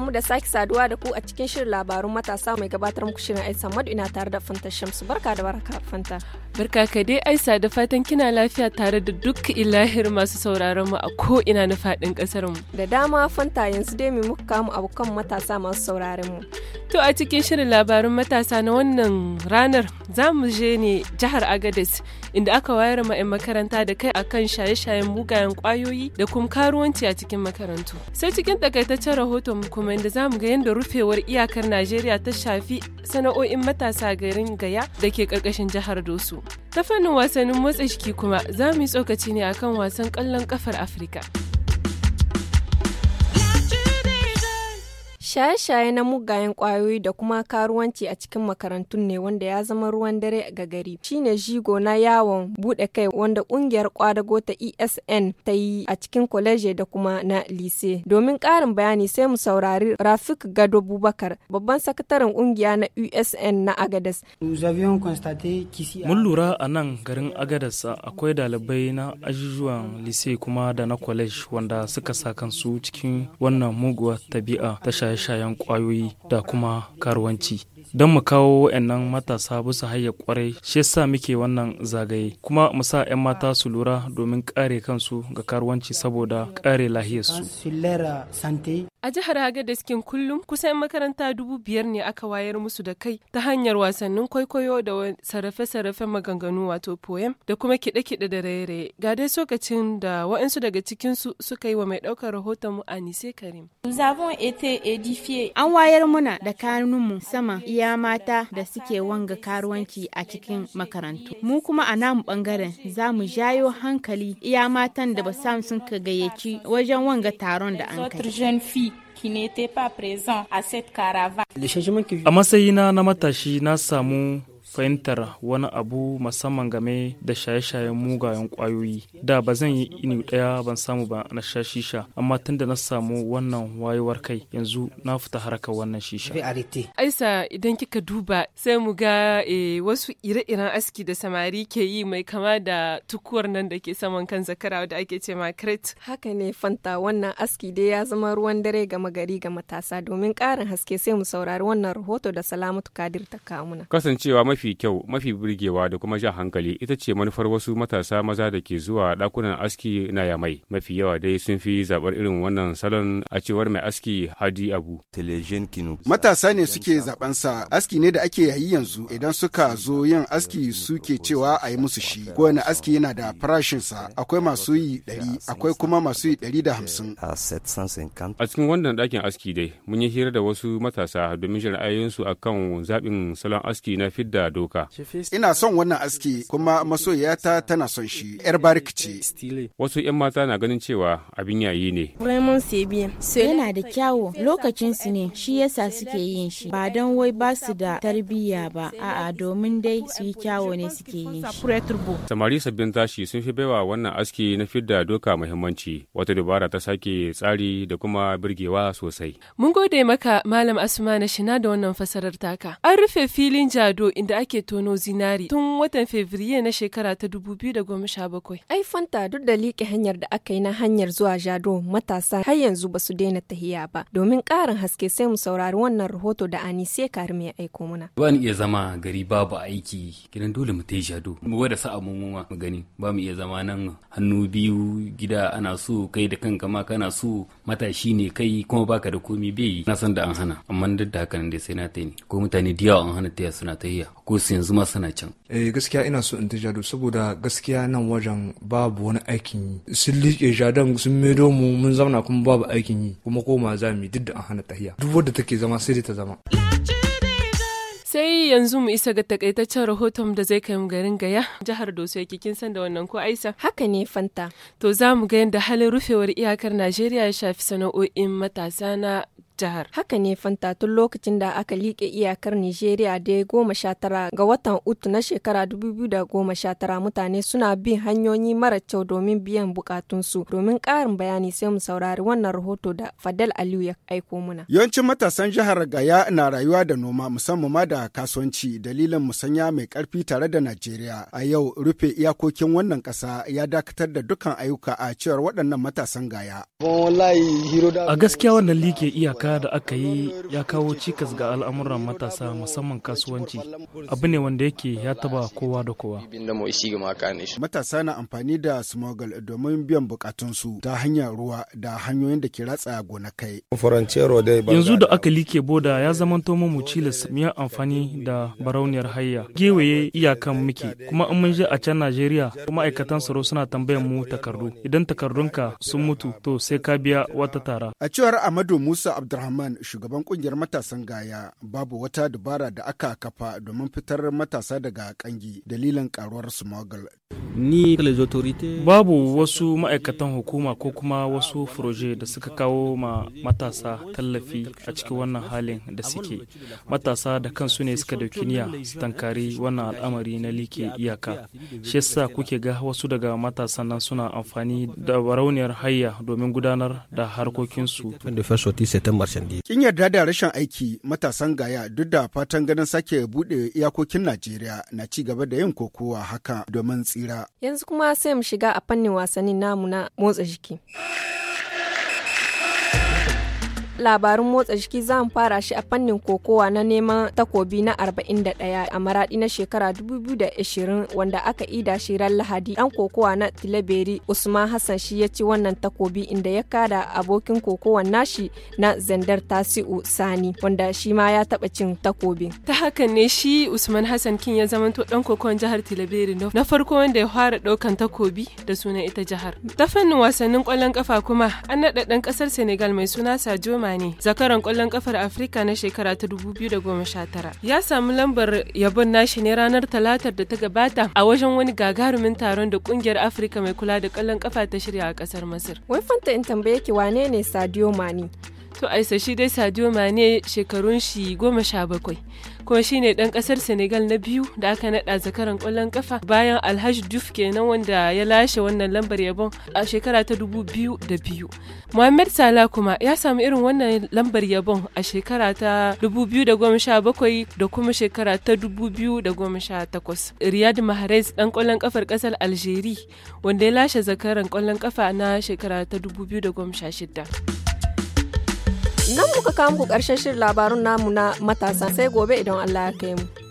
mu da sake saduwa da ku a cikin shirin labarun matasa mai gabatar muku shirin Aisa Madu ina tare da Fanta Shamsu. Barka da baraka Fanta. Barka ka dai Aisa da fatan kina lafiya tare da duk ilahir masu sauraron mu a ko ina na fadin kasar mu. Da dama Fanta yanzu dai mu muka kama abokan matasa masu sauraron mu. To a cikin shirin labarun matasa na wannan ranar za mu je ne jihar Agadez inda aka wayar ma 'yan makaranta da kai akan shaye-shayen mugayen kwayoyi da kuma karuwanci a cikin makarantu. Sai cikin takaitaccen rahoton kuma inda za mu ga yadda rufewar iyakar Najeriya ta shafi sana'o'in matasa garin Gaya da ke karkashin jihar Dosu. Ta fannin wasannin motsa jiki kuma za mu yi tsokaci ne akan wasan kallon kafar Afirka. Shaye-shaye na mugayen kwayoyi da kuma karuwanci a cikin makarantun ne wanda ya zama ruwan dare ga gari. Shine jigo na yawon bude kai wanda kungiyar kwadago ta ESN ta yi a cikin kwaleje da kuma na lise. Domin karin bayani sai mu saurari Rafik Gado Bubakar, babban sakataren kungiya na USN na Agadas. Mun lura a nan garin Agadas akwai dalibai na ajujuwan lise kuma da na kwalej wanda suka sa kansu cikin wannan muguwar tabi'a ta shaye mashayan kwayoyi da kuma karuwanci don mu kawo nan matasa bisa hayya kwarai shi sa muke wannan zagaye kuma mu sa 'yan mata su lura domin kare kansu ga karuwanci saboda kare lahiyarsu A jihar Hagadaskin kullum kusan makaranta dubu biyar ne aka wayar musu da kai ta hanyar wasannin kwaikwayo da sarrafe-sarrafen maganganu wato poem da kuma kiɗe-kiɗe da raye-raye. Ga dai sokacin da waɗansu daga cikinsu suka yi wa mai ɗaukar rahoton mu Anise Karim. An wayar muna da mu sama iya mata da suke wanga karuwanci a cikin makarantu. Mu kuma a namu ɓangaren za mu jayo hankali iya matan da ba sun ka gayyaci wajen wanga taron da an kai. qui n'était pas présent à cette caravane. fahimtar wani abu musamman game da shaye-shayen mugayen kwayoyi da ba zan yi ini daya ban samu ba na sha shisha amma tunda na samu wannan wayewar kai yanzu na fita harkar wannan shisha aisa idan kika duba sai mu ga e, wasu ire-iren aski da samari ke yi mai kama da tukuwar nan da ke saman kan zakara da ake ce ma haka ne fanta wannan aski dai ya zama ruwan dare gama gari ga matasa domin ƙarin haske sai mu saurari wannan rahoto da salamatu kadir ta kamuna kasancewa mafi mafi kyau mafi burgewa da kuma jan hankali ita ce manufar wasu matasa maza da ke zuwa dakunan aski na yamai mafi yawa dai sun fi zabar irin wannan salon a cewar mai aski hadi abu matasa ne suke zaben sa aski ne da ake yayi yanzu idan suka zo yin aski suke cewa a yi musu shi kowane aski yana da farashinsa akwai masu yi ɗari akwai kuma masu yi ɗari da hamsin a cikin wannan dakin aski dai mun yi hira da wasu matasa domin jin a akan zaɓin salon aski na fidda doka. Ina son wannan aski kuma masoyata tana son shi, 'yar barik ce. Wasu 'yan mata na ganin cewa abin yayi ne. Yana da kyawo lokacin su ne shi yasa suke yin shi ba don wai ba su da tarbiyya ba a'a domin dai su yi kyawo ne suke yin shi. Samari sabbin tashi sun fi baiwa wannan aski na fidda doka muhimmanci wata dubara ta sake tsari da kuma birgewa sosai. Mun gode maka Malam Asma na shina da wannan fasarar taka. An rufe filin jado inda ake tono zinari tun watan Fabrairu na shekara ta 2017. Ai fanta duk da liƙe hanyar da aka yi na hanyar zuwa Jado matasa har yanzu ba su daina tahiya ba. Domin ƙarin haske sai mu saurari wannan rahoto da Anise Karime ya aiko muna. Ba ni iya zama gari babu aiki gidan dole mu tai Jado. Mu wada sa'a mu mu gani ba mu iya zama nan hannu biyu gida ana so kai da kanka ma kana so matashi ne kai kuma baka da komi bai na san da an hana amma duk da haka ne sai na ta ne ko mutane diyawa an hana taya suna ta ko su yanzu ma suna can. Eh gaskiya ina so in ta jado saboda gaskiya nan wajen babu wani aikin yi. Sun liƙe jadon sun maido mu mun zauna kuma babu aikin yi kuma koma za mu yi duk da an hana tahiya. Duk wadda take zama sai dai ta zama. sai yanzu mu isa ga takaitaccen rahoton da zai kai mu garin gaya jihar doso yake kin san da wannan ko aisa haka ne fanta to za mu ga yadda halin rufewar iyakar najeriya ya shafi sana'o'in matasa na jihar. Haka ne fanta tun lokacin da aka liƙe iyakar Nijeriya da goma sha tara ga watan Utu na shekara dubu biyu da goma sha tara mutane suna bin hanyoyi mara kyau domin biyan bukatunsu. Domin ƙarin bayani sai mu saurari wannan rahoto da Fadal Aliyu ya aiko muna. Yawancin matasan jihar Gaya na rayuwa da noma musamman ma da kasuwanci dalilin musanya mai ƙarfi tare da Najeriya. A yau rufe iyakokin wannan ƙasa ya dakatar da dukkan ayyuka a cewar waɗannan matasan Gaya. A gaskiya wannan liƙe iyaka doka da aka yi ya kawo cikas ga al'amuran matasa musamman kasuwanci abu ne wanda yake ya taba kowa da kowa matasa na amfani da smogal domin biyan bukatunsu ta hanyar ruwa da hanyoyin da ke ratsa gonakai yanzu da aka like boda ya zamanto mu cilas miya amfani da barauniyar hayya gewaye iyakan muke kuma in mun je a can najeriya ma'aikatan tsaro suna tambayan mu takardu idan takardunka sun mutu to sai ka biya wata tara a cewar amadu musa abdul Abdulrahman shugaban kungiyar matasan gaya babu wata dubara da aka kafa domin fitar matasa daga kangi dalilin karuwar smuggle. Ni babu wasu ma'aikatan hukuma ko kuma wasu furoje da suka kawo ma matasa tallafi a cikin wannan halin da suke. Matasa da kansu ne suka dauki niyya su tankari wannan al'amari na like iyaka. Shi yasa kuke ga wasu daga matasan nan suna amfani da barauniyar hayya domin gudanar da harkokinsu. Marshandi. Kin yarda da rashin aiki matasan gaya duk da fatan ganin sake bude iyakokin Najeriya na ci gaba da yin kokowa haka domin tsira. Yanzu kuma sai mu shiga a fannin wasannin namu na motsa jiki. labarin motsa jiki za mu fara shi a fannin kokowa na neman takobi na 41 a maradi na shekara 2020 wanda aka ida shi ran lahadi dan kokowa na tilaberi usman hassan shi ya ci wannan takobi inda ya kada abokin kokowan nashi na zandar tasiu sani wanda shi ma ya taba cin takobi. ta haka ne shi usman hassan kin ya zamanto dan kokowan jihar tilaberi na farko wanda ya fara daukan takobi da suna ita jihar ta fannin wasannin kwallon kafa kuma an naɗa ɗan ƙasar senegal mai suna sajo Mane, zakaran kwallon kafar Afirka na shekara ta 2019. Ya samu lambar yabon nashi ne ranar Talatar da ta gabata a wajen wani gagarumin taron da kungiyar Afirka mai kula da kwallon kafa ta shirya a kasar Masir. Wai fanta in tambaye ki wane ne Sadio Mane? To aisa shi dai Sadio Mane shekarun shi goma sha bakwai. Kuma shi ne ɗan ƙasar Senegal na biyu da aka naɗa zakaran ƙwallon ƙafa bayan Alhaji Diouf kenan wanda ya lashe wannan lambar yabon a shekara ta dubu biyu da biyu. Mohamed Salah kuma ya samu irin wannan lambar yabon a shekara ta dubu biyu da goma sha bakwai da kuma shekara ta dubu biyu da goma sha takwas. Riyad Mahrez ɗan ƙwallon ƙafar ƙasar Algeria wanda ya lashe zakaran ƙwallon ƙafa na shekara ta dubu biyu da goma sha shidda. Nan muka kawo muku ƙarshen shirin labarun namu na matasa sai gobe idan Allah ya kai mu.